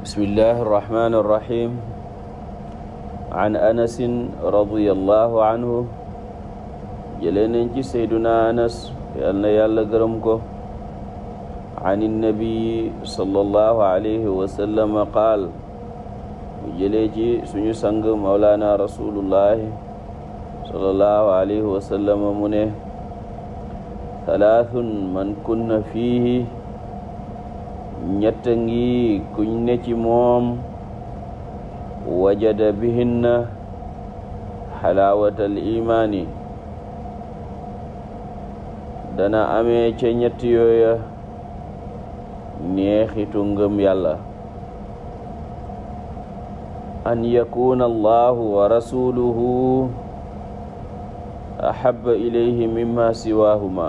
بسم الله الرحمن الرحيم عن أنس رضي الله عنه jëlee nañ ci sayduna anas yal na yàlla gërëm ko an innabii sallallahu alayhi wa sallam qaal mu jëlee ci suñu sang mawlaana rasulullahi sallallahu alayhi wa sallam mu ne thalathun man kunna fiihi ñett ngi kuñ ne ci moom wajada bihinna xalaawatal imaani dana amee ca ñett yooya neexitu ngëm yàlla an yakuna allahu wa rasuluhu ahabba ilayhi mimma siwahuma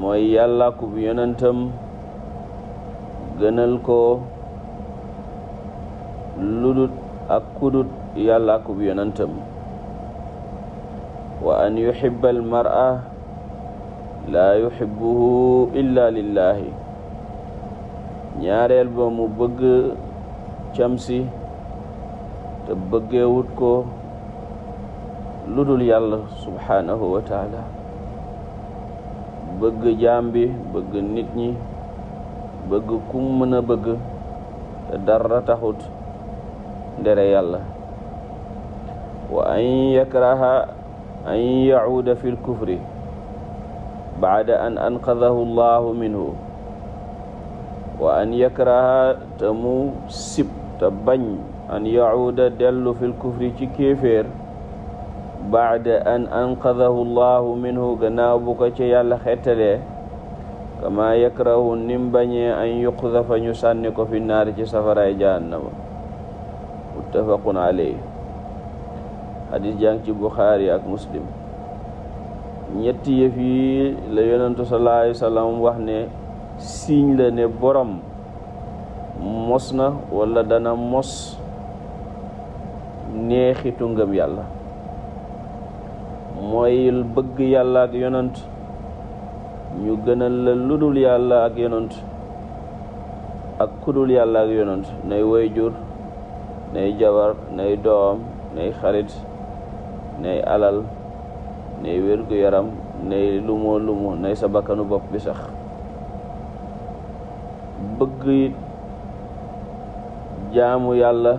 mooy yàlla ku bu yonentam gënal ko ludut ak kudut yàlla ku bu wa an yuhibba al mar'a laa yuhibbuhu illa lillahi ñaareel ba mu bëgg camsi te bëggeewut ko ludul yàlla subhaanahu wa taala bëgg jaam bi bëgg nit ñi bëgg kum bëgg te dara taxut ndere yàlla wa an yakraha an yacuuda fi lkufri baada an anqadahu allahu minhu wa an yakraha te mu sib te bañ an yacuuda dellu fi lkufri ci kéeféer baada an anqadahu llahu minhu gannaaw bu ko ci yàlla xettalee kama yakrahu nim bañee an yuqdafa ñu sànni ko fi naar ci safaraay jahannama muttafaqun alayhi xadis jàng ci buxaari ak muslim ñetti yëf yi la yonentu sallallahu wax ne siiñ la ne borom mos na wala dana mos neexitu ngëm yàlla mooy bëgg yàlla ak yonant ñu gënal la ludul yàlla ak yonant ak kudul yàlla ak yonant nay wayjur nay jabar nay doom nay xarit nay alal nay wér-gu-yaram nay lumoo lumo nay sa bakkanu bopp bi sax bëgg it jaamu yàlla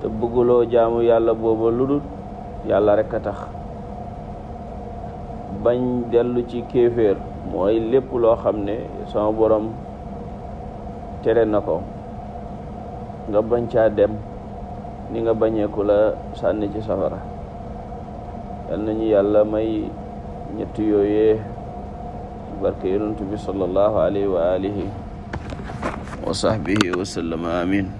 te bëgguloo jaamu yàlla booba ludul yàlla rekk a tax bañ dellu ci kéeféer mooy lépp loo xam ne sama borom tere na ko nga bañ caa dem ni nga bañeeku la sànni ci safara yal nañu yàlla may ñett yooyee barke yonent bi sallallahu alayhi wa alihi wa sahbihi wa sallama amin